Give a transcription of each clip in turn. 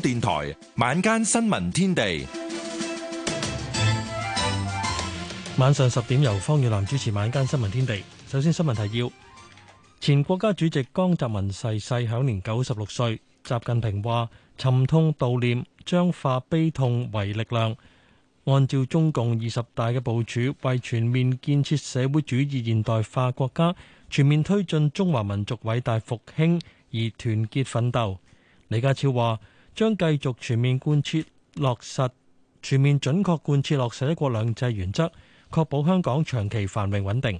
電台晚間新聞天地，晚上十點由方宇南主持。晚間新聞天地，首先新聞提要：前國家主席江澤民逝世，享年九十六歲。習近平話：沉痛悼念，將化悲痛為力量，按照中共二十大嘅部署，為全面建設社會主義現代化國家，全面推進中華民族偉大復興而團結奮鬥。李家超話。將繼續全面貫徹落實全面準確貫徹落實一國兩制原則，確保香港長期繁榮穩定。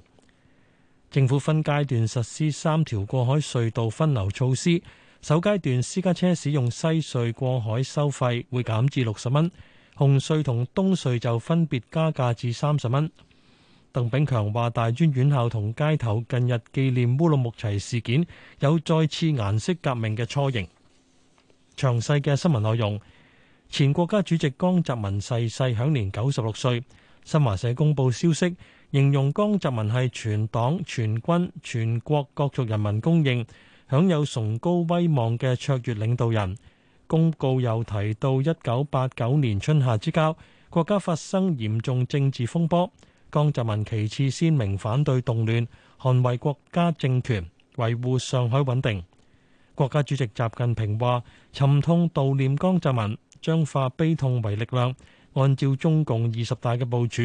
政府分階段實施三條過海隧道分流措施，首階段私家車使用西隧過海收費會減至六十蚊，紅隧同東隧就分別加價至三十蚊。鄧炳強話：大專院校同街頭近日紀念烏魯木齊事件，有再次顏色革命嘅雛形。詳細嘅新聞內容，前國家主席江澤民逝世，享年九十六歲。新華社公布消息，形容江澤民係全黨全軍全國各族人民公認享有崇高威望嘅卓越領導人。公告又提到，一九八九年春夏之交，國家發生嚴重政治風波，江澤民旗幟鮮明反對動亂，捍衛國家政權，維護上海穩定。國家主席習近平話：沉痛悼念江澤民，將化悲痛為力量，按照中共二十大嘅部署，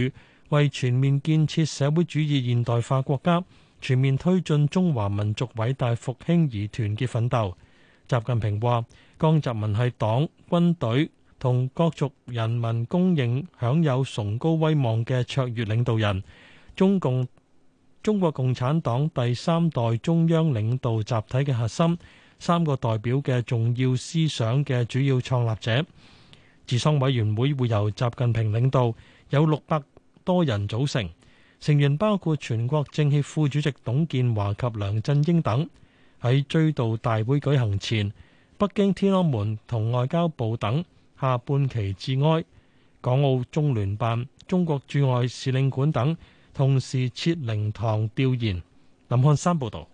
為全面建設社會主義現代化國家、全面推進中華民族偉大復興而團結奮鬥。習近平話：江澤民係黨、軍隊同各族人民公認享有崇高威望嘅卓越領導人，中共中國共產黨第三代中央領導集體嘅核心。三個代表嘅重要思想嘅主要創立者，治喪委員會會由習近平領導，有六百多人組成，成員包括全國政協副主席董建華及梁振英等。喺追悼大會舉行前，北京天安門同外交部等下半旗致哀，港澳中聯辦、中國駐外使領館等同時設靈堂吊唁。林漢山報導。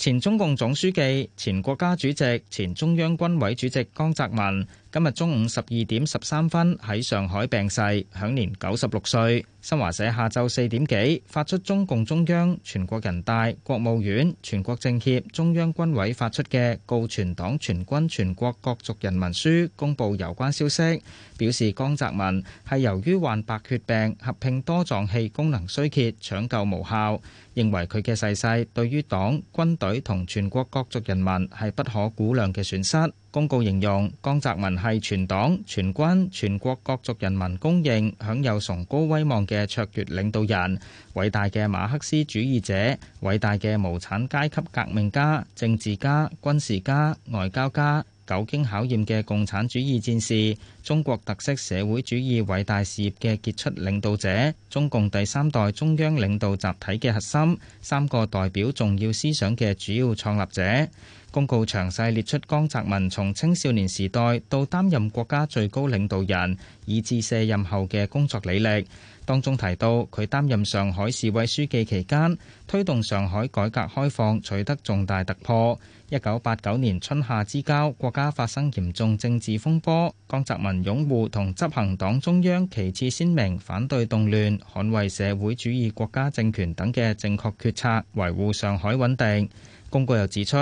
前中共總書記、前國家主席、前中央軍委主席江澤民，今日中午十二點十三分喺上海病逝，享年九十六歲。新華社下晝四點幾發出中共中央、全國人大、國務院、全國政協、中央軍委發出嘅《告全黨全軍全國各族人民書》，公佈有關消息，表示江澤民係由於患白血病，合併多臟器功能衰竭，搶救無效。認為佢嘅逝世對於黨、軍隊同全國各族人民係不可估量嘅損失。公告形容江澤民係全黨全軍全國各族人民公認享有崇高威望嘅卓越領導人，偉大嘅馬克思主義者，偉大嘅無產階級革命家、政治家、軍事家、外交家，久經考驗嘅共產主義戰士，中國特色社會主義偉大事業嘅傑出領導者，中共第三代中央領導集體嘅核心，三個代表重要思想嘅主要創立者。公告詳細列出江澤民從青少年時代到擔任國家最高領導人以至卸任後嘅工作履歷，當中提到佢擔任上海市委書記期間推動上海改革開放取得重大突破。一九八九年春夏之交，國家發生嚴重政治風波，江澤民擁護同執行黨中央旗幟鮮明反對動亂捍衛社會主義國家政權等嘅正確決策，維護上海穩定。公告又指出，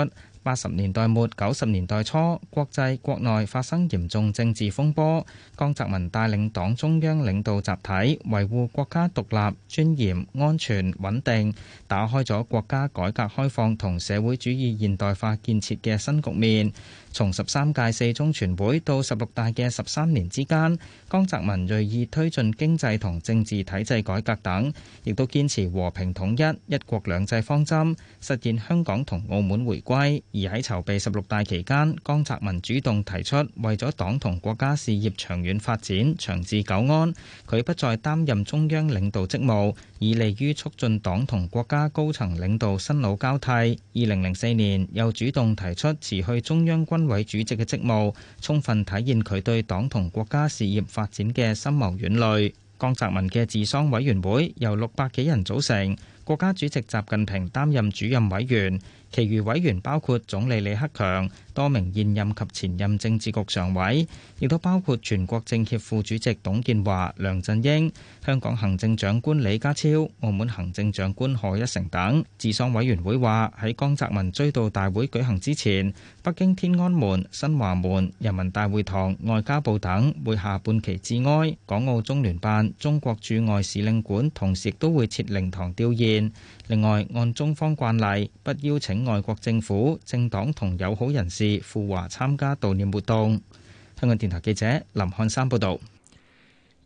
八十年代末九十年代初，國際國內發生嚴重政治風波，江澤民帶領黨中央領導集體維護國家獨立、尊嚴、安全、穩定，打開咗國家改革開放同社會主義現代化建設嘅新局面。從十三屆四中全會到十六大嘅十三年之間，江澤民鋭意推進經濟同政治體制改革等，亦都堅持和平統一、一國兩制方針，實現香港同澳門回歸。而喺籌備十六大期間，江澤民主動提出，為咗黨同國家事業長遠發展、長治久安，佢不再擔任中央領導職務，以利於促進黨同國家高層領導新老交替。二零零四年又主動提出辭去中央軍委主席嘅職務，充分體現佢對黨同國家事業發展嘅深謀遠慮。江澤民嘅治喪委員會由六百幾人組成，國家主席習近平擔任主任委員，其餘委員包括總理李克強。多名現任及前任政治局常委，亦都包括全國政協副主席董建華、梁振英、香港行政長官李家超、澳門行政長官賀一誠等。治喪委員會話：喺江澤民追悼大會舉行之前，北京天安門、新華門、人民大會堂、外交部等會下半旗致哀，港澳中聯辦、中國駐外使領館同時亦都會設靈堂吊唁。另外，按中方慣例，不邀請外國政府、政黨同友好人士。富華參加悼念活動。香港電台記者林漢山報道：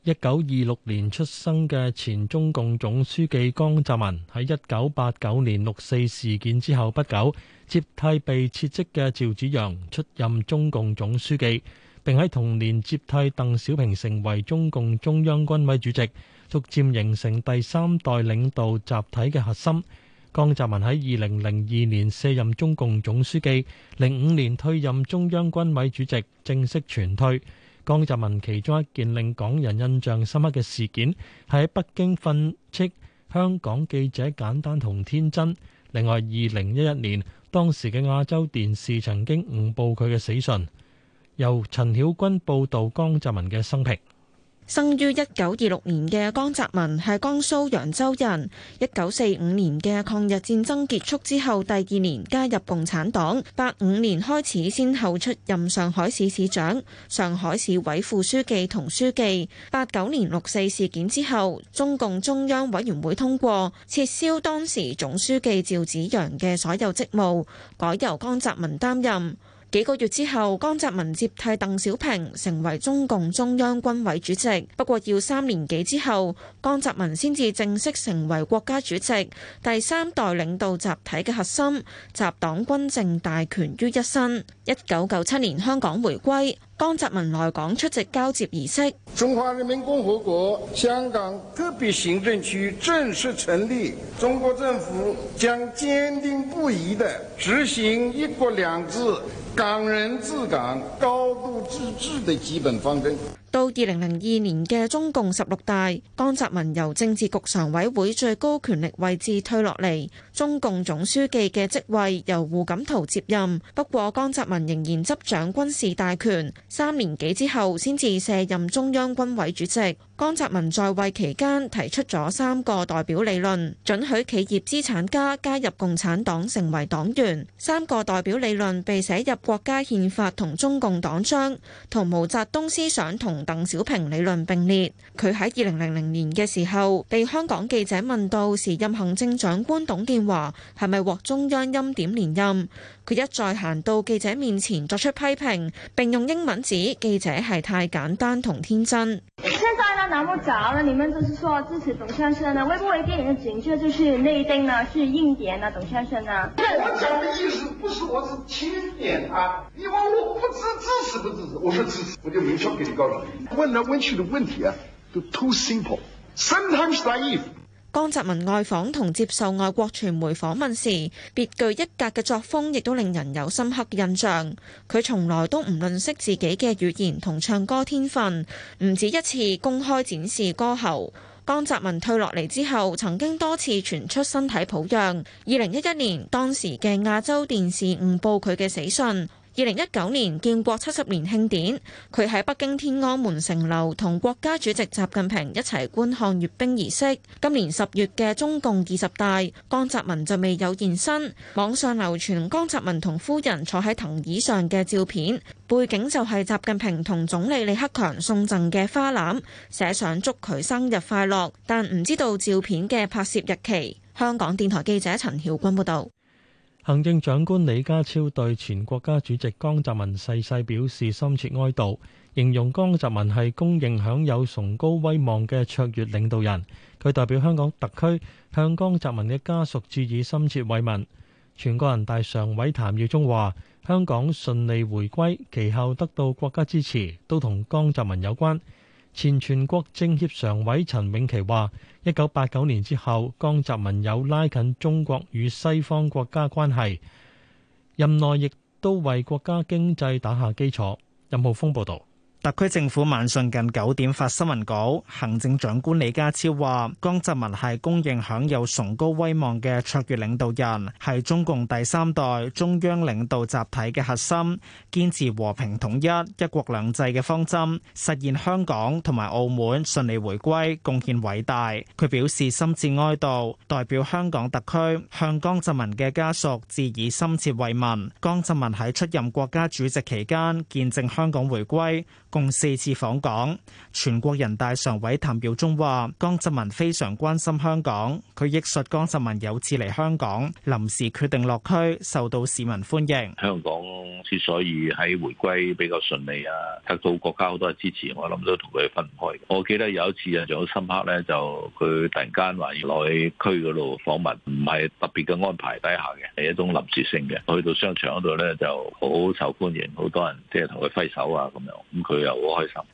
一九二六年出生嘅前中共總書記江澤民，喺一九八九年六四事件之後不久，接替被撤職嘅趙紫陽出任中共總書記，並喺同年接替鄧小平成為中共中央軍委主席，逐漸形成第三代領導集體嘅核心。江澤民喺二零零二年卸任中共總書記，零五年退任中央軍委主席，正式全退。江澤民其中一件令港人印象深刻嘅事件，係喺北京訓斥香港記者簡單同天真。另外，二零一一年當時嘅亞洲電視曾經誤報佢嘅死訊，由陳曉君報道江澤民嘅生平。生於一九二六年嘅江澤民係江蘇揚州人，一九四五年嘅抗日戰爭結束之後第二年加入共產黨，八五年開始先後出任上海市市長，上海市委副書記同書記，八九年六四事件之後，中共中央委員會通過撤銷當時總書記趙紫陽嘅所有職務，改由江澤民擔任。幾個月之後，江澤民接替鄧小平成為中共中央軍委主席，不過要三年幾之後，江澤民先至正式成為國家主席，第三代領導集體嘅核心，集黨軍政大權於一身。一九九七年香港回歸，江澤民來港出席交接儀式。中華人民共和國香港特別行政區正式成立，中國政府將堅定不移地執行“一國兩制”、港人治港、高度自治的基本方針。到二零零二年嘅中共十六大，江澤民由政治局常委會最高權力位置退落嚟，中共總書記嘅職位由胡錦濤接任。不過江澤民，仍然執掌軍事大權，三年幾之後先至卸任中央軍委主席。江澤民在位期間提出咗三個代表理論，准許企業資產家加入共產黨成為黨員，三個代表理論被寫入國家憲法同中共黨章，同毛澤東思想同鄧小平理論並列。佢喺二零零零年嘅時候，被香港記者問到時任行政長官董建華係咪獲中央欽點連任，佢一再行到記者面前作出批評，並用英文指記者係太簡單同天真。那難不着了，你們就是說支持董先生呢？會不會電影的準確？就是內定呢？是硬點呢？董先生呢？我講的意思不是，我是輕點啊。你問我不知支持不支持，我說支持，我就明確給你告訴你。問來問去的問題啊，都 too simple，sometimes naive。江澤民外訪同接受外國傳媒訪問時，別具一格嘅作風亦都令人有深刻印象。佢從來都唔吝惜自己嘅語言同唱歌天分，唔止一次公開展示歌喉。江澤民退落嚟之後，曾經多次傳出身體抱恙。二零一一年，當時嘅亞洲電視誤報佢嘅死訊。二零一九年建國七十年慶典，佢喺北京天安門城樓同國家主席習近平一齊觀看閱兵儀式。今年十月嘅中共二十大，江澤民就未有現身。網上流傳江澤民同夫人坐喺藤椅上嘅照片，背景就係習近平同總理李克強送贈嘅花籃，寫上祝佢生日快樂，但唔知道照片嘅拍攝日期。香港電台記者陳曉君報道。行政長官李家超對前國家主席江澤民逝世表示深切哀悼，形容江澤民係公認享有崇高威望嘅卓越領導人。佢代表香港特區向江澤民嘅家屬致以深切慰問。全國人大常委譚耀宗話：香港順利回歸，其後得到國家支持，都同江澤民有關。前全國政協常委陳永琪話，一九八九年之後，江澤民有拉近中國與西方國家關係，任內亦都為國家經濟打下基礎。任浩峰報導。特區政府晚上近九點發新聞稿，行政長官李家超話：江澤民係公認享有崇高威望嘅卓越領導人，係中共第三代中央領導集體嘅核心，堅持和平統一、一國兩制嘅方針，實現香港同埋澳門順利回歸，貢獻偉大。佢表示深切哀悼，代表香港特區向江澤民嘅家屬致以深切慰問。江澤民喺出任國家主席期間，見證香港回歸。共四次訪港，全國人大常委譚耀宗話江澤民非常關心香港，佢亦述江澤民有次嚟香港，臨時決定落區，受到市民歡迎。香港之所以喺回歸比較順利啊，得到國家好多支持，我諗都同佢分唔開。我記得有一次啊，仲好深刻咧，就佢突然間話要落去區嗰度訪問，唔係特別嘅安排底下嘅，係一種臨時性嘅。去到商場嗰度咧，就好受歡迎，好多人即係同佢揮手啊咁樣，咁佢。又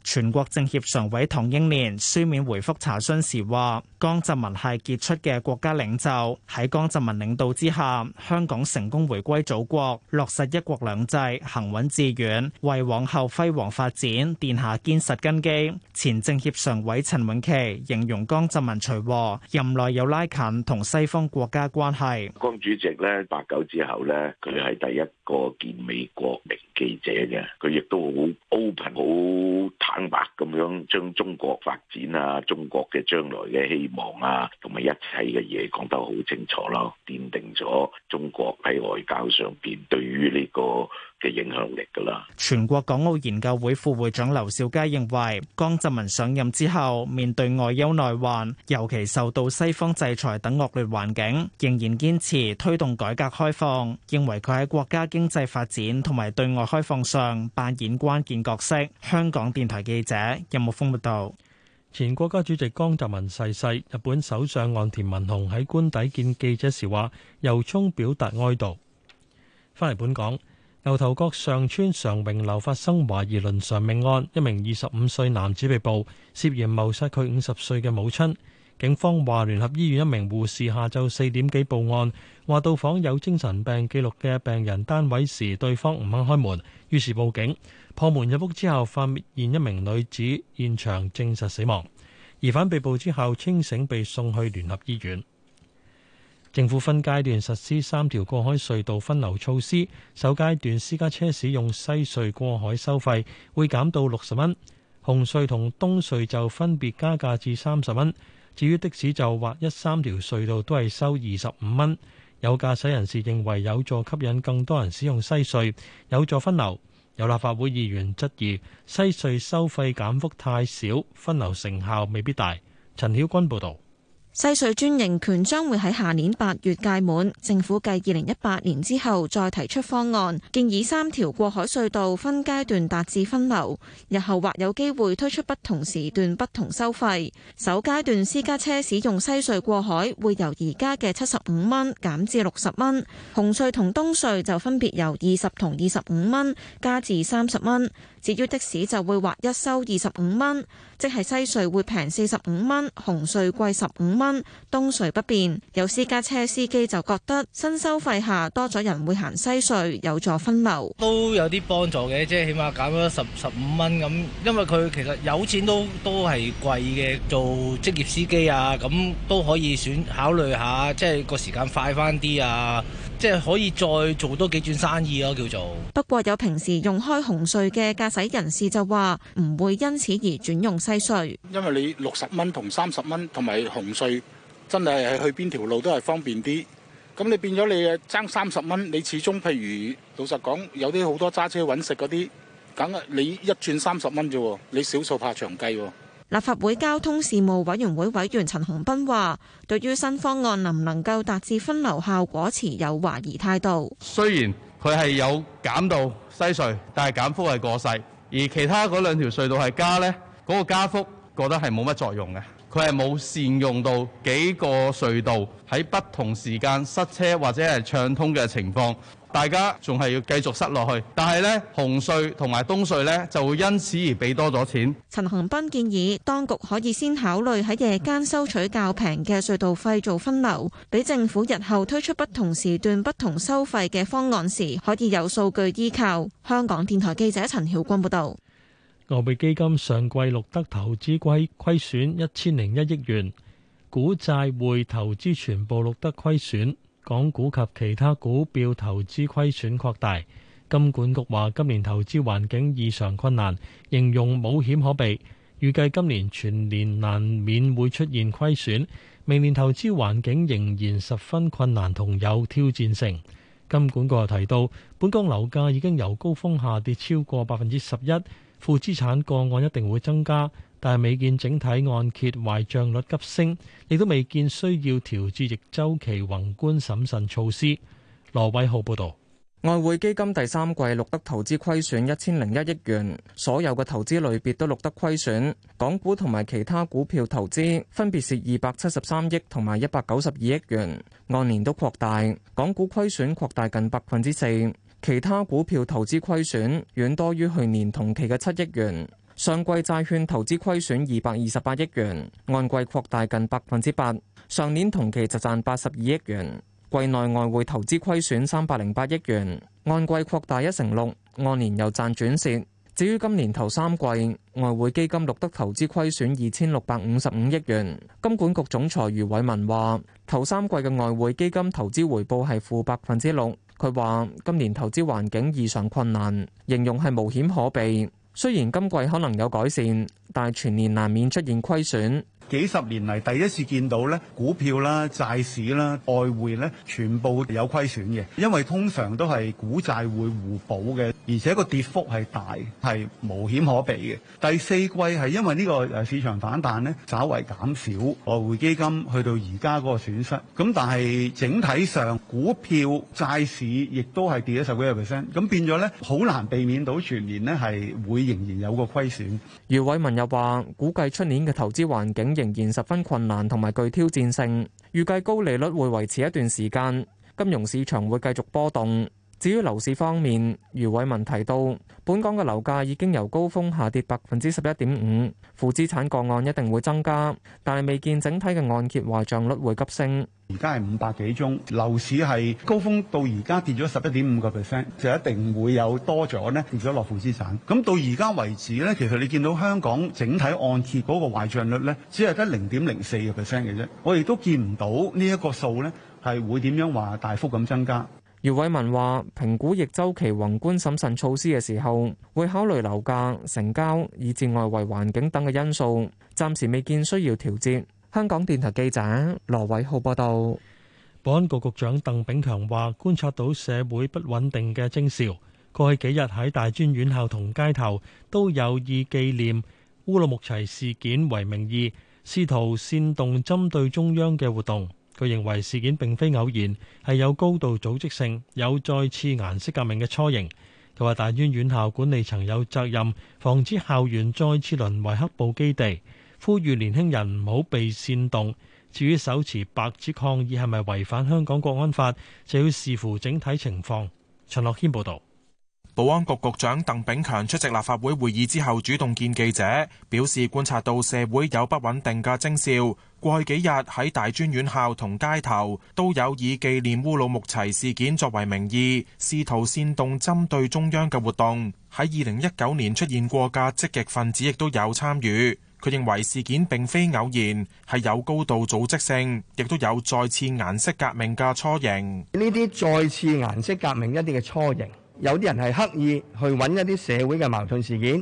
全國政協常委唐英年書面回覆查詢時話江澤民係傑出嘅國家領袖，喺江澤民領導之下，香港成功回歸祖國，落實一國兩制，行穩致遠，為往後輝煌發展奠下堅實根基。前政協常委陳永琪形容江澤民隨和，任內有拉近同西方國家關係，江主席咧八九之後咧，佢係第一個見美國。記者嘅佢亦都好 open、好坦白咁樣，將中國發展啊、中國嘅將來嘅希望啊，同埋一切嘅嘢講得好清楚咯，奠定咗中國喺外交上邊對於呢個嘅影響力噶啦。全國港澳研究會副會長劉兆佳認為，江澤民上任之後面對外憂內患，尤其受到西方制裁等惡劣環境，仍然堅持推動改革開放。認為佢喺國家經濟發展同埋對外開放上扮演關鍵角色。香港電台記者任木峰報道，前國家主席江澤民逝世,世，日本首相岸田文雄喺官邸見記者時話，由衷表達哀悼。翻嚟本港。牛頭角上村常榮樓發生懷疑倫常命案，一名二十五歲男子被捕，涉嫌謀殺佢五十歲嘅母親。警方話，聯合醫院一名護士下晝四點幾報案，話到訪有精神病記錄嘅病人單位時，對方唔肯開門，於是報警。破門入屋之後，發現一名女子現場證實死亡。疑犯被捕之後清醒，被送去聯合醫院。政府分階段實施三條過海隧道分流措施，首階段私家車使用西隧過海收費會減到六十蚊，紅隧同東隧就分別加價至三十蚊。至於的士就劃一三條隧道都係收二十五蚊。有駕駛人士認為有助吸引更多人使用西隧，有助分流。有立法會議員質疑西隧收費減幅太少，分流成效未必大。陳曉君報導。西隧專營權將會喺下年八月屆滿，政府繼二零一八年之後再提出方案，建議三條過海隧道分階段達至分流，日後或有機會推出不同時段不同收費。首階段私家車使用西隧過海會由而家嘅七十五蚊減至六十蚊，紅隧同東隧就分別由二十同二十五蚊加至三十蚊。至於的士就會劃一收二十五蚊，即係西隧會平四十五蚊，紅隧貴十五蚊，東隧不變。有私家車司機就覺得新收費下多咗人會行西隧，有助分流，都有啲幫助嘅，即係起碼減咗十十五蚊咁，因為佢其實有錢都都係貴嘅，做職業司機啊，咁都可以選考慮下，即係個時間快返啲啊，即係可以再做多幾轉生意咯，叫做。不過有平時用開紅隧嘅價。駕駛人士就話唔會因此而轉用西隧，因為你六十蚊同三十蚊同埋紅隧，真係去邊條路都係方便啲。咁你變咗你爭三十蚊，你始終，譬如老實講，有啲好多揸車揾食嗰啲，梗係你一轉三十蚊啫，你少數怕長計。立法會交通事務委員會委員陳洪斌話，對於新方案能唔能夠達至分流效果，持有懷疑態度。雖然佢係有減到西隧，但係減幅係過細；而其他嗰兩條隧道係加呢，嗰個加幅覺得係冇乜作用嘅。佢係冇善用到幾個隧道喺不同時間塞車或者係暢通嘅情況。大家仲係要繼續塞落去，但係呢，紅隧同埋東隧呢，就會因此而俾多咗錢。陳恆斌建議，當局可以先考慮喺夜間收取較平嘅隧道費做分流，俾政府日後推出不同時段不同收費嘅方案時，可以有數據依靠。香港電台記者陳曉君報道：「外匯基金上季錄得投資虧虧損一千零一億元，股債匯投資全部錄得虧損。港股及其他股票投資虧損擴大，金管局話今年投資環境異常困難，形容冇險可避，預計今年全年難免會出現虧損。明年投資環境仍然十分困難，同有挑戰性。金管局又提到，本港樓價已經由高峰下跌超過百分之十一，負資產個案一定會增加。但未見整體按揭壞賬率急升，亦都未見需要調節逆周期宏觀審慎措施。羅偉浩報導，外匯基金第三季錄得投資虧損一千零一億元，所有嘅投資類別都錄得虧損。港股同埋其他股票投資分別是二百七十三億同埋一百九十二億元，按年都擴大。港股虧損擴大近百分之四，其他股票投資虧損遠多於去年同期嘅七億元。上季債券投資虧損二百二十八億元，按季擴大近百分之八，上年同期就賺八十二億元。季內外匯投資虧損三百零八億元，按季擴大一成六，6，按年又賺轉蝕。至於今年頭三季外匯基金錄得投資虧損二千六百五十五億元。金管局總裁余偉文話：頭三季嘅外匯基金投資回報係負百分之六。佢話今年投資環境異常困難，形容係無險可避。雖然今季可能有改善，但全年難免出現虧損。幾十年嚟第一次見到咧，股票啦、債市啦、外匯咧，全部有虧損嘅。因為通常都係股債會互補嘅，而且個跌幅係大，係無險可避嘅。第四季係因為呢個誒市場反彈咧，稍為減少外匯基金去到而家嗰個損失。咁但係整體上股票、債市亦都係跌咗十幾個 percent。咁變咗咧，好難避免到全年呢係會仍然有個虧損。余偉文又話，估計出年嘅投資環境，仍然十分困難同埋具挑戰性，預計高利率會維持一段時間，金融市場會繼續波動。至於樓市方面，余偉文提到，本港嘅樓價已經由高峰下跌百分之十一點五，負資產個案一定會增加，但係未見整體嘅按揭壞帳率會急升。而家係五百幾宗，樓市係高峰到而家跌咗十一點五個 percent，就一定會有多咗呢跌咗落負資產。咁到而家為止呢，其實你見到香港整體按揭嗰個壞帳率呢，只係得零點零四個 percent 嘅啫。我亦都見唔到呢一個數呢，係會點樣話大幅咁增加。余偉文話評估逆周期宏觀審慎措施嘅時候，會考慮樓價、成交以至外圍環境等嘅因素，暫時未見需要調節，香港電台記者羅偉浩報道。保安局局長鄧炳強話觀察到社會不穩定嘅徵兆，過去幾日喺大專院校同街頭都有以紀念烏魯木齊事件為名義，試圖煽動針對中央嘅活動。佢認為事件並非偶然，係有高度組織性，有再次顏色革命嘅雛形。佢話大專院校管理層有責任防止校園再次淪為黑暴基地，呼籲年輕人唔好被煽動。至於手持白紙抗議係咪違反香港國安法，就要視乎整體情況。陳樂軒報導。保安局局長鄧炳強出席立法會會議之後主動見記者，表示觀察到社會有不穩定嘅徵兆。過去幾日喺大專院校同街頭都有以紀念烏魯木齊事件作為名義，試圖煽動針對中央嘅活動。喺二零一九年出現過嘅積極分子亦都有參與。佢認為事件並非偶然，係有高度組織性，亦都有再次顏色革命嘅雛形。呢啲再次顏色革命一啲嘅雛形，有啲人係刻意去揾一啲社會嘅矛盾事件，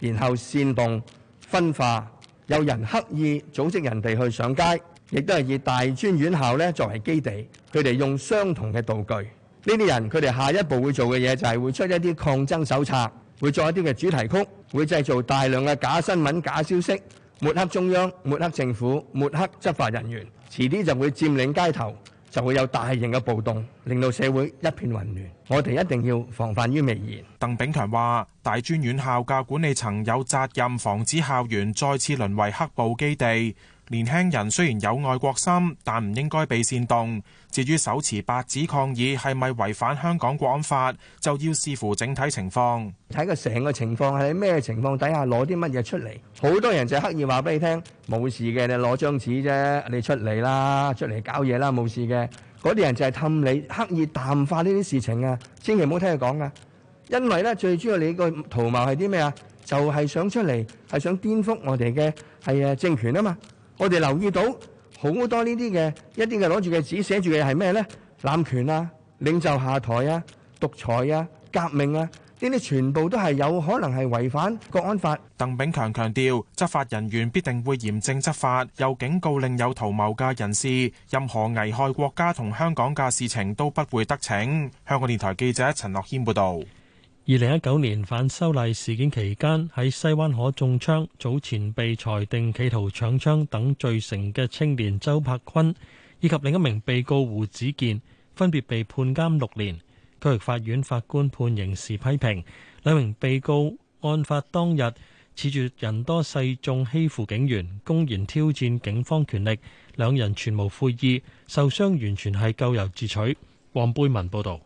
然後煽動分化。有人刻意組織人哋去上街，亦都係以大專院校咧作為基地。佢哋用相同嘅道具，呢啲人佢哋下一步會做嘅嘢就係會出一啲抗爭手冊，會做一啲嘅主題曲，會製造大量嘅假新聞、假消息，抹黑中央、抹黑政府、抹黑執法人員。遲啲就會佔領街頭。就會有大型嘅暴動，令到社會一片混亂。我哋一定要防範於未然。鄧炳強話，大專院校嘅管理層有責任防止校園再次淪為黑暴基地。年輕人雖然有愛國心，但唔應該被煽動。至於手持白紙抗議係咪違反香港國安法，就要視乎整體情況。睇個成個情況係咩情況底下攞啲乜嘢出嚟？好多人就刻意話俾你聽冇事嘅，你攞張紙啫，你出嚟啦，出嚟搞嘢啦，冇事嘅。嗰啲人就係氹你，刻意淡化呢啲事情啊。千祈唔好聽佢講啊，因為咧最主要你個圖謀係啲咩啊？就係想出嚟係想顛覆我哋嘅係啊政權啊嘛。我哋留意到好多呢啲嘅一啲嘅攞住嘅紙寫住嘅係咩咧？濫權啊，領袖下台啊，獨裁啊，革命啊，呢啲全部都係有可能係違反國安法。鄧炳強強調，執法人員必定會嚴正執法，又警告另有圖謀嘅人士，任何危害國家同香港嘅事情都不會得逞。香港電台記者陳樂謙報道。二零一九年反修例事件期間喺西灣河中槍，早前被裁定企圖搶槍等罪成嘅青年周柏坤，以及另一名被告胡子健，分別被判監六年。區域法院法官判刑時批評兩名被告，案發當日恃住人多勢眾欺負警員，公然挑戰警方權力，兩人全無悔意，受傷完全係咎由自取。黃貝文報道。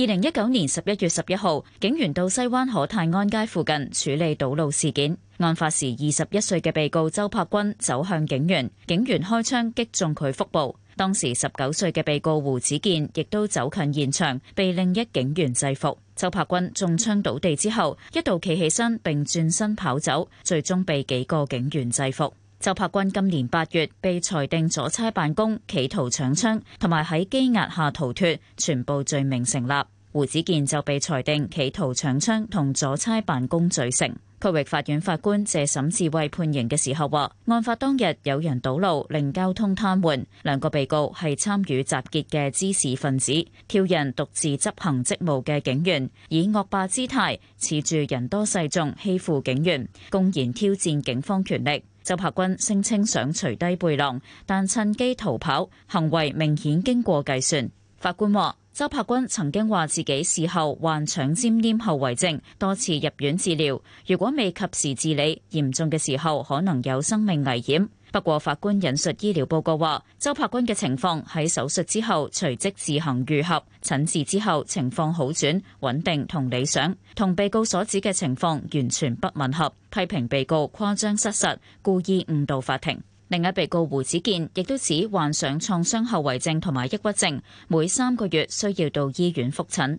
二零一九年十一月十一號，警員到西灣河泰安街附近處理堵路事件。案發時，二十一歲嘅被告周柏君走向警員，警員開槍擊中佢腹部。當時十九歲嘅被告胡子健亦都走近現場，被另一警員制服。周柏君中槍倒地之後，一度企起身並轉身跑走，最終被幾個警員制服。周柏君今年八月被裁定阻差辦公、企圖搶槍同埋喺羈押下逃脫，全部罪名成立。胡子健就被裁定企圖搶槍同阻差辦公罪成。區域法院法官謝沈智慧判刑嘅時候話：案發當日有人堵路，令交通癱瘓。兩個被告係參與集結嘅知識分子，挑釁獨自執行職務嘅警員，以惡霸姿態恃住人多勢眾，欺負警員，公然挑戰警方權力。周柏君聲稱想除低背囊，但趁機逃跑，行為明顯經過計算。法官話，周柏君曾經話自己事後患腸尖黏後遺症，多次入院治療。如果未及時治理，嚴重嘅時候可能有生命危險。不過法官引述醫療報告話，周柏君嘅情況喺手術之後隨即自行愈合，診治之後情況好轉、穩定同理想，同被告所指嘅情況完全不吻合，批評被告誇張失實，故意誤導法庭。另一被告胡子健亦都指患上創傷後遺症同埋抑鬱症，每三個月需要到醫院複診。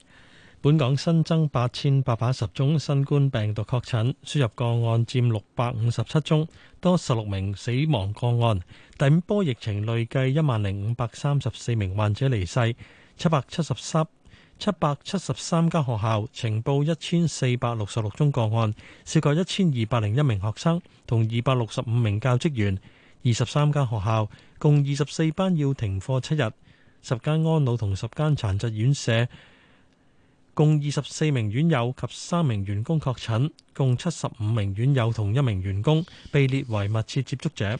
本港新增八千八百一十宗新冠病毒確診，輸入個案佔六百五十七宗，多十六名死亡個案。第五波疫情累計一萬零五百三十四名患者離世，七百七十三七百七十三間學校呈報一千四百六十六宗個案，涉及一千二百零一名學生同二百六十五名教職員。二十三間學校共二十四班要停課七日，十間安老同十間殘疾院舍。共二十四名院友及三名員工確診，共七十五名院友同一名員工被列為密切接觸者。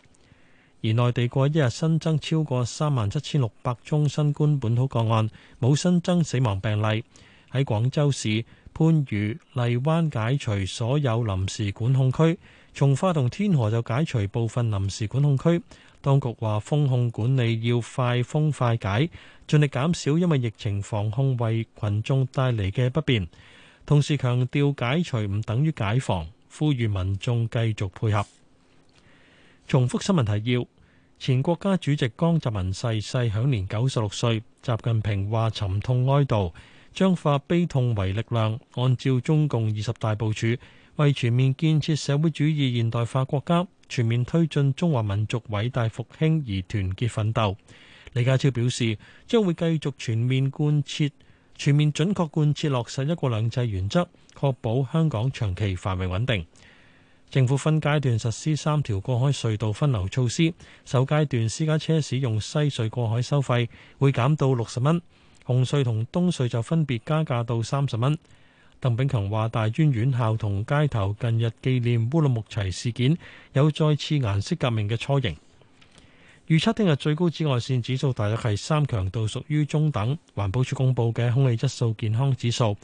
而內地過一日新增超過三萬七千六百宗新冠本土個案，冇新增死亡病例。喺廣州市、番禺、荔灣解除所有臨時管控區，從化同天河就解除部分臨時管控區。當局話，風控管理要快封快解，盡力減少因為疫情防控為群眾帶嚟嘅不便。同時強調解除唔等於解防，呼籲民眾繼續配合。重複新聞提要：前國家主席江澤民逝世，世，享年九十六歲。習近平話沉痛哀悼，將化悲痛為力量，按照中共二十大部署，為全面建設社會主義現代化國家。全面推進中華民族偉大復興而團結奮鬥，李家超表示將會繼續全面貫徹、全面準確貫徹落實一國兩制原則，確保香港長期繁榮穩定。政府分階段實施三條過海隧道分流措施，首階段私家車使用西隧過海收費會減到六十蚊，紅隧同東隧就分別加價到三十蚊。鄧炳強話：大專院校同街頭近日紀念烏魯木齊事件，有再次顏色革命嘅雛形。預測聽日最高紫外線指數大約係三強度，屬於中等。環保署公布嘅空氣質素健康指數，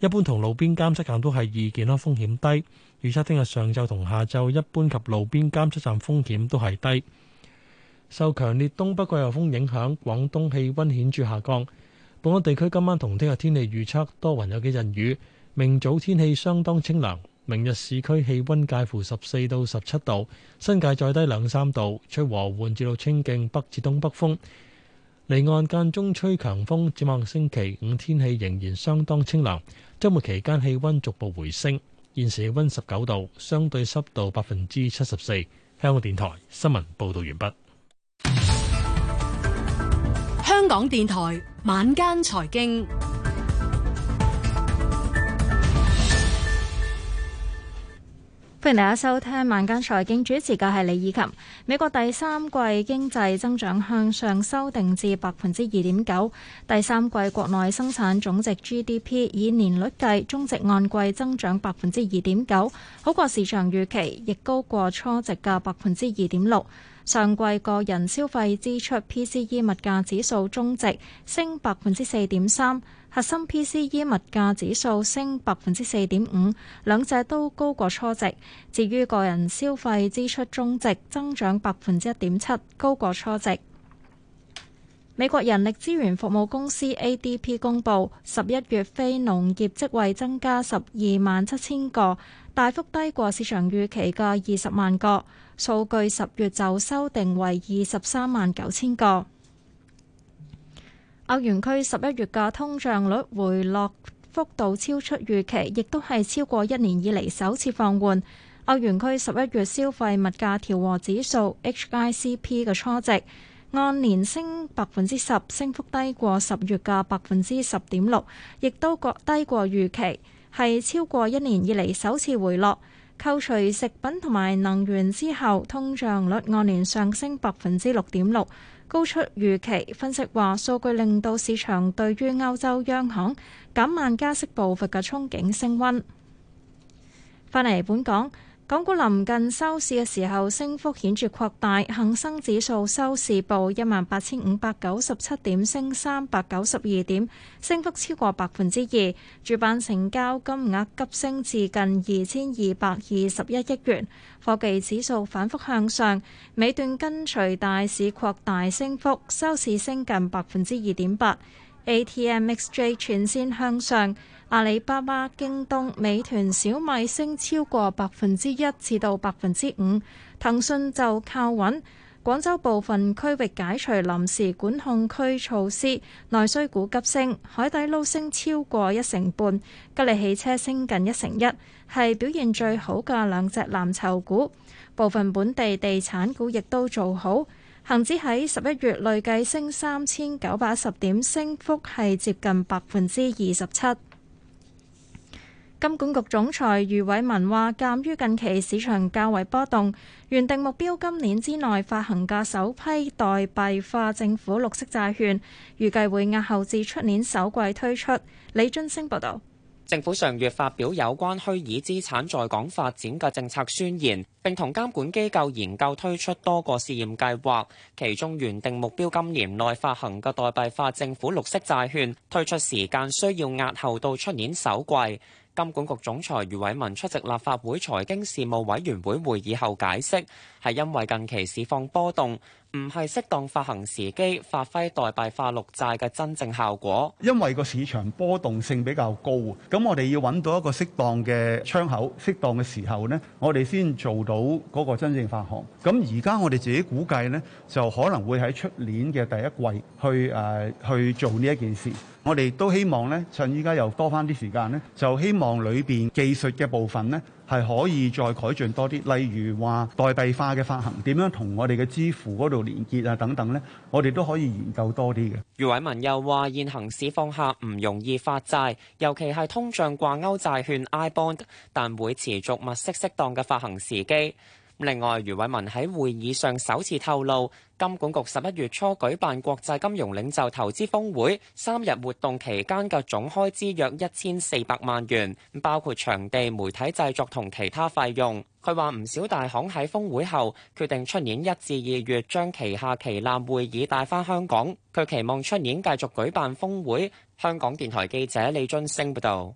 一般同路邊監測站都係二，健康風險低。預測聽日上晝同下晝一般及路邊監測站風險都係低。受強烈東北季候風影響，廣東氣溫顯著下降。本港地區今晚同聽日天氣預測，多雲有幾陣雨，明早天氣相當清涼。明日市區氣溫介乎十四到十七度，新界再低兩三度，吹和緩至到清勁北至東北風。離岸間中吹強風，展望星期五天氣仍然相當清涼。周末期間氣溫逐步回升，現時氣溫十九度，相對濕度百分之七十四。香港電台新聞報道完畢。香港電台晚間財經，歡迎大家收聽晚間財經，主持嘅係李以琴。美國第三季經濟增長向上修訂至百分之二點九，第三季國內生產總值 GDP 以年率計，終值按季增長百分之二點九，好過市場預期，亦高過初值嘅百分之二點六。上季個人消費支出 PCE 物價指數終值升百分之四點三，核心 PCE 物價指數升百分之四點五，兩者都高過初值。至於個人消費支出終值增長百分之一點七，高過初值。美國人力資源服務公司 ADP 公佈，十一月非農業職位增加十二萬七千個，大幅低過市場預期嘅二十萬個。數據十月就修訂為二十三萬九千個。歐元區十一月嘅通脹率回落幅度超出預期，亦都係超過一年以嚟首次放緩。歐元區十一月消費物價調和指數 （HICP） 嘅初值，按年升百分之十，升幅低過十月嘅百分之十點六，亦都低過預期，係超過一年以嚟首次回落。扣除食品同埋能源之後，通脹率按年上升百分之六點六，高出預期。分析話，數據令到市場對於歐洲央行減慢加息步伐嘅憧憬升溫。翻嚟本港。港股臨近收市嘅時候，升幅顯著擴大。恒生指數收市報一萬八千五百九十七點，升三百九十二點，升幅超過百分之二。主板成交金額急升至近二千二百二十一億元。科技指數反覆向上，尾段跟隨大市擴大升幅，收市升近百分之二點八。ATM XJ 全線向上。阿里巴巴、京東、美團、小米升超過百分之一，至到百分之五。騰訊就靠穩。廣州部分區域解除臨時管控區措施，內需股急升，海底撈升超過一成半，吉利汽車升近一成一，係表現最好嘅兩隻藍籌股。部分本地地產股亦都做好，恒指喺十一月累計升三千九百十點，升幅係接近百分之二十七。金管局總裁余偉文話，鑒於近期市場較為波動，原定目標今年之內發行嘅首批代幣化政府綠色債券，預計會押後至出年首季推出。李津升報道。政府上月發表有關虛擬資產在港發展嘅政策宣言，並同監管機構研究推出多個試驗計劃，其中原定目標今年內發行嘅代幣化政府綠色債券，推出時間需要押後到出年首季。金管局總裁余偉文出席立法會財經事務委員會會議後解釋，係因為近期市況波動。唔係適當發行時機，發揮代幣化綠債嘅真正效果。因為個市場波動性比較高，咁我哋要揾到一個適當嘅窗口，適當嘅時候咧，我哋先做到嗰個真正發行。咁而家我哋自己估計，咧，就可能會喺出年嘅第一季去，誒、呃、去做呢一件事。我哋都希望咧，趁依家又多翻啲時間，咧，就希望裏邊技術嘅部分咧。係可以再改進多啲，例如話代幣化嘅發行點樣同我哋嘅支付嗰度連結啊等等咧，我哋都可以研究多啲嘅。余偉文又話：現行市況下唔容易發債，尤其係通脹掛鈎債券 I bond，但會持續物色適當嘅發行時機。另外，余偉文喺會議上首次透露，金管局十一月初舉辦國際金融領袖投資峰會，三日活動期間嘅總開支約一千四百萬元，包括場地、媒體製作同其他費用。佢話唔少大行喺峰會後決定，出年一至二月將旗下旗艦會議帶返香港。佢期望出年繼續舉辦峰會。香港電台記者李俊升報道。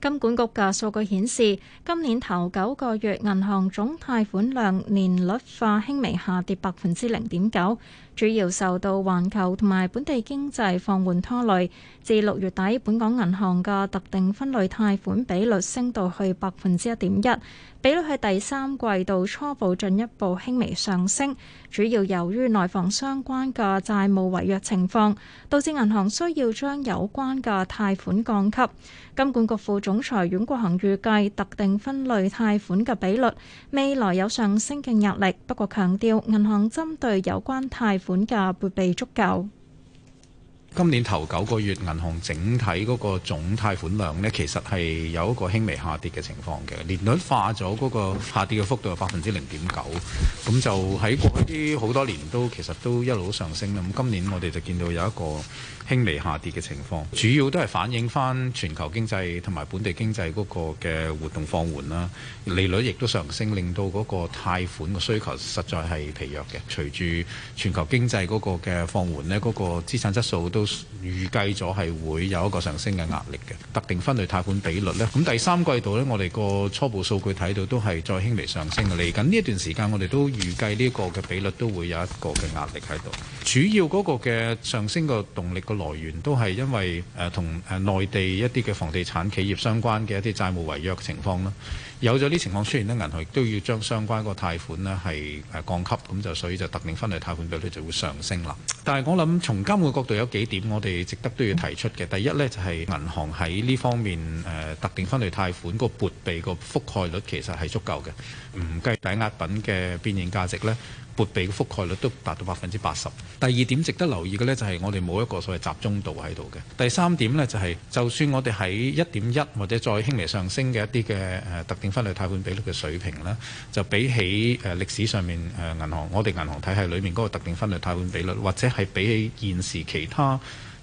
金管局嘅數據顯示，今年頭九個月銀行總貸款量年率化輕微下跌百分之零點九。主要受到環球同埋本地經濟放緩拖累，至六月底，本港銀行嘅特定分類貸款比率升到去百分之一點一，比率喺第三季度初步進一步輕微上升，主要由於內房相關嘅債務違約情況，導致銀行需要將有關嘅貸款降級。金管局副總裁阮國恒預計特定分類貸款嘅比率未來有上升嘅壓力，不過強調銀行針對有關貸款嘅撥備足夠。今年頭九個月，銀行整體嗰個總貸款量呢，其實係有一個輕微下跌嘅情況嘅。年率化咗嗰個下跌嘅幅度係百分之零點九，咁就喺過去啲好多年都其實都一路上升啦。咁今年我哋就見到有一個輕微下跌嘅情況，主要都係反映翻全球經濟同埋本地經濟嗰個嘅活動放緩啦。利率亦都上升，令到嗰個貸款嘅需求實在係疲弱嘅。隨住全球經濟嗰個嘅放緩呢，嗰個資產質素都預計咗係會有一個上升嘅壓力嘅。特定分類貸款比率呢，咁第三季度呢，我哋個初步數據睇到都係再輕微上升。嚟緊呢一段時間，我哋都預計呢個嘅比率都會有一個嘅壓力喺度。主要嗰個嘅上升嘅動力來源都係因為誒、呃、同誒內地一啲嘅房地產企業相關嘅一啲債務違約嘅情況啦，有咗呢情況出現咧，銀行亦都要將相關個貸款咧係誒降級，咁就所以就特定分類貸款比率就會上升啦。但係我諗從監管角度有幾點我哋值得都要提出嘅，第一呢，就係、是、銀行喺呢方面誒、呃、特定分類貸款個撥備個覆蓋率其實係足夠嘅，唔計抵押品嘅變現價值呢。撥備嘅覆蓋率都達到百分之八十。第二點值得留意嘅呢，就係我哋冇一個所謂集中度喺度嘅。第三點呢，就係就算我哋喺一點一或者再輕微上升嘅一啲嘅誒特定分類貸款比率嘅水平呢，就比起誒歷史上面誒銀行，我哋銀行體系裡面嗰個特定分類貸款比率，或者係比起現時其他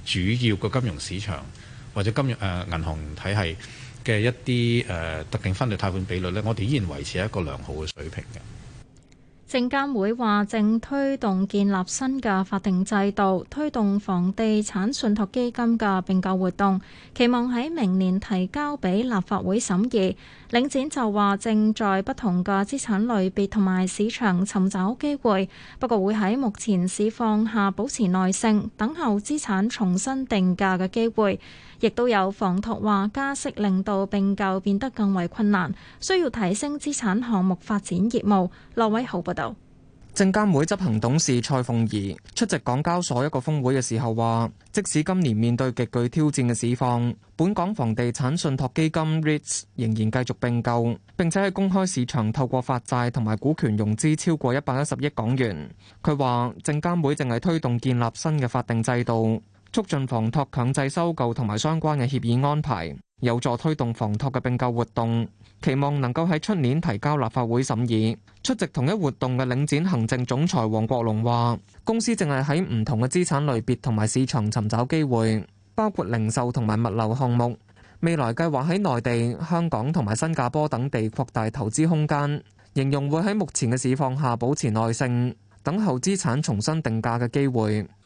主要嘅金融市場或者金融誒銀行體系嘅一啲誒特定分類貸款比率呢，我哋依然維持一個良好嘅水平嘅。證監會話正推動建立新嘅法定制度，推動房地產信託基金嘅併購活動，期望喺明年提交俾立法會審議。領展就話正在不同嘅資產類別同埋市場尋找機會，不過會喺目前市況下保持耐性，等候資產重新定價嘅機會。亦都有房託話，加息令到並購變得更為困難，需要提升資產項目發展業務。羅偉豪報導。證監會執行董事蔡鳳儀出席港交所一個峰會嘅時候話，即使今年面對極具挑戰嘅市況，本港房地產信託基金 REITs 仍然繼續並購，並且喺公開市場透過發債同埋股權融資超過一百一十億港元。佢話，證監會淨係推動建立新嘅法定制度，促進房託強制收購同埋相關嘅協議安排，有助推動房託嘅併購活動，期望能夠喺出年提交立法會審議，出席同一活動嘅領展行政總裁王國龍話：公司淨係喺唔同嘅資產類別同埋市場尋找機會，包括零售同埋物流項目。未來計劃喺內地、香港同埋新加坡等地擴大投資空間，形容會喺目前嘅市況下保持耐性，等候資產重新定價嘅機會。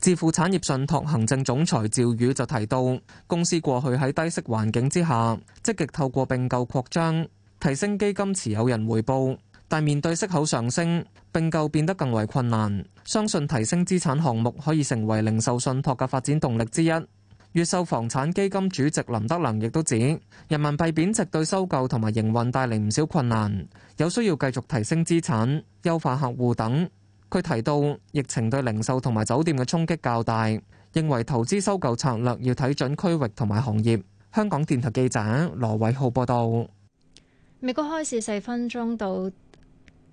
致富產業信託行政總裁趙宇就提到，公司過去喺低息環境之下，積極透過併購擴張提升基金持有人回報，但面對息口上升，併購變得更為困難，相信提升資產項目可以成為零售信託嘅發展動力之一。越秀房產基金主席林德良亦都指，人民幣貶值對收購同埋營運帶嚟唔少困難，有需要繼續提升資產優化客戶等。佢提到疫情對零售同埋酒店嘅衝擊較大，認為投資收購策略要睇準區域同埋行業。香港電台記者羅偉浩報道。美國開市四分鐘到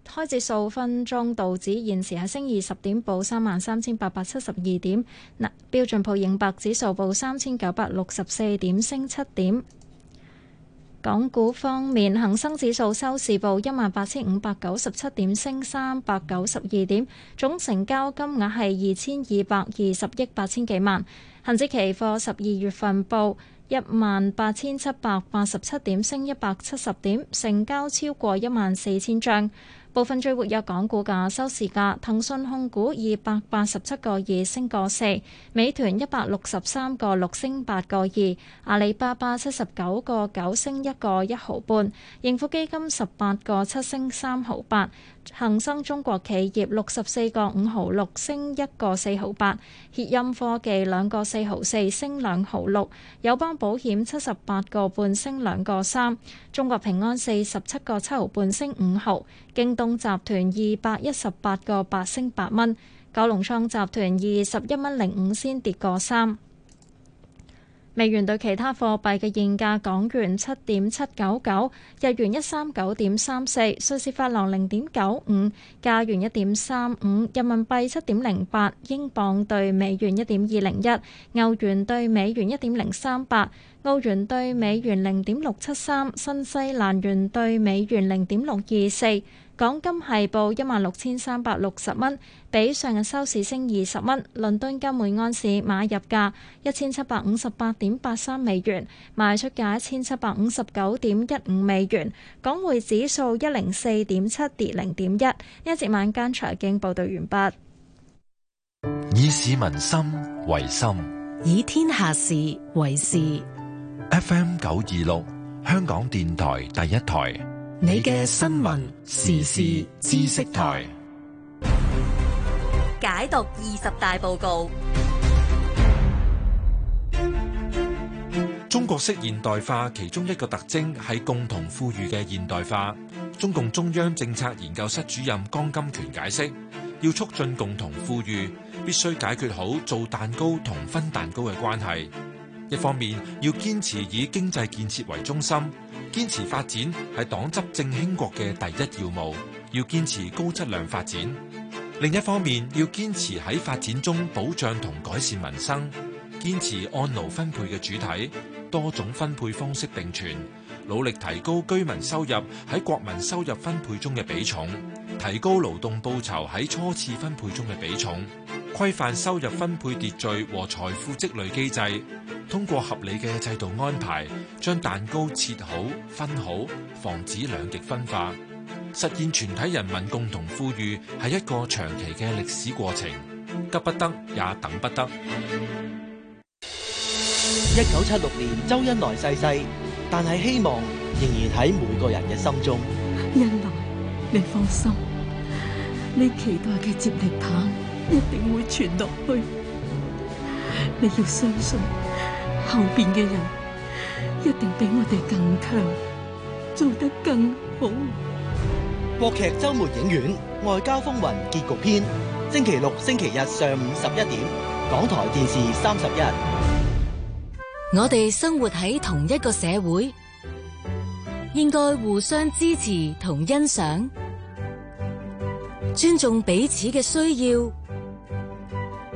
開市數分鐘，道指現時係升二十點，報三萬三千八百七十二點。那標準普爾五百指數報三千九百六十四點，升七點。港股方面，恒生指數收市報一萬八千五百九十七點，升三百九十二點，總成交金額係二千二百二十億八千幾萬。恒指期貨十二月份報一萬八千七百八十七點，升一百七十點，成交超過一萬四千張。部分最活躍港股嘅收市價：騰訊控股二百八十七個二升個四，美團一百六十三個六升八個二，阿里巴巴七十九個九升一個一毫半，盈富基金十八個七升三毫八，恒生中國企業六十四個五毫六升一個四毫八，協鑫科技兩個四毫四升兩毫六，友邦保險七十八個半升兩個三，中國平安四十七個七毫半升五毫，京東。集團二百一十八個八升八蚊，九龍倉集團二十一蚊零五先跌個三。美元兌其他貨幣嘅現價：港元七點七九九，日元一三九點三四，瑞士法郎零點九五，加元一點三五，人民幣七點零八，英鎊兌美元一點二零一，歐元兌美元一點零三八，澳元兌美元零點六七三，新西蘭元兌美元零點六二四。港金係報一萬六千三百六十蚊，比上日收市升二十蚊。倫敦金每安士買入價一千七百五十八點八三美元，賣出價一千七百五十九點一五美元。港匯指數一零四點七跌零點一。一節晚間財經報道完畢。以市民心為心，以天下事為事。F. M. 九二六，香港電台第一台。你嘅新聞時事知識台，解讀二十大報告。中國式現代化其中一個特徵係共同富裕嘅現代化。中共中央政策研究室主任江金權解釋：要促進共同富裕，必須解決好做蛋糕同分蛋糕嘅關係。一方面要堅持以經濟建設為中心。堅持發展係黨執政興國嘅第一要務，要堅持高質量發展。另一方面，要堅持喺發展中保障同改善民生，堅持按勞分配嘅主體，多種分配方式並存，努力提高居民收入喺國民收入分配中嘅比重，提高勞動報酬喺初次分配中嘅比重。規範收入分配秩序和財富積累機制，通過合理嘅制度安排，將蛋糕切好、分好，防止兩極分化，實現全體人民共同富裕，係一個長期嘅歷史過程，急不得，也等不得。一九七六年，周恩來逝世，但係希望仍然喺每個人嘅心中。恩來，你放心，你期待嘅接力棒。一定會傳落去，你要相信後邊嘅人一定比我哋更強，做得更好。國劇周末影院《外交風雲》結局篇，星期六、星期日上午十一點，港台電視三十一。我哋生活喺同一個社會，應該互相支持同欣賞，尊重彼此嘅需要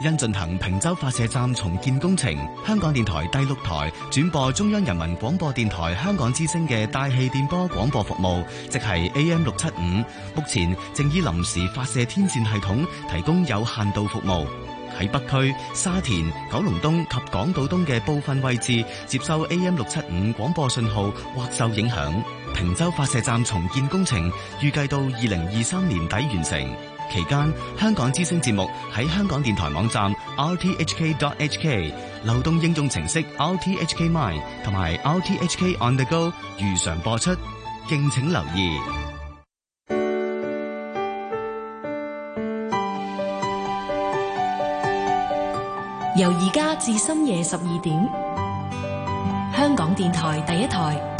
因進行坪洲發射站重建工程，香港電台第六台轉播中央人民廣播電台香港之聲嘅大氣電波廣播服務，即係 AM 六七五，目前正以臨時發射天線系統提供有限度服務。喺北區、沙田、九龍東及港島東嘅部分位置接收 AM 六七五廣播信號或受影響。坪洲發射站重建工程預計到二零二三年底完成。期間，香港之星節目喺香港電台網站 rthk.hk、流動應用程式 rthk mine 同埋 rthk on the go 如常播出，敬請留意。由而家至深夜十二點，香港電台第一台。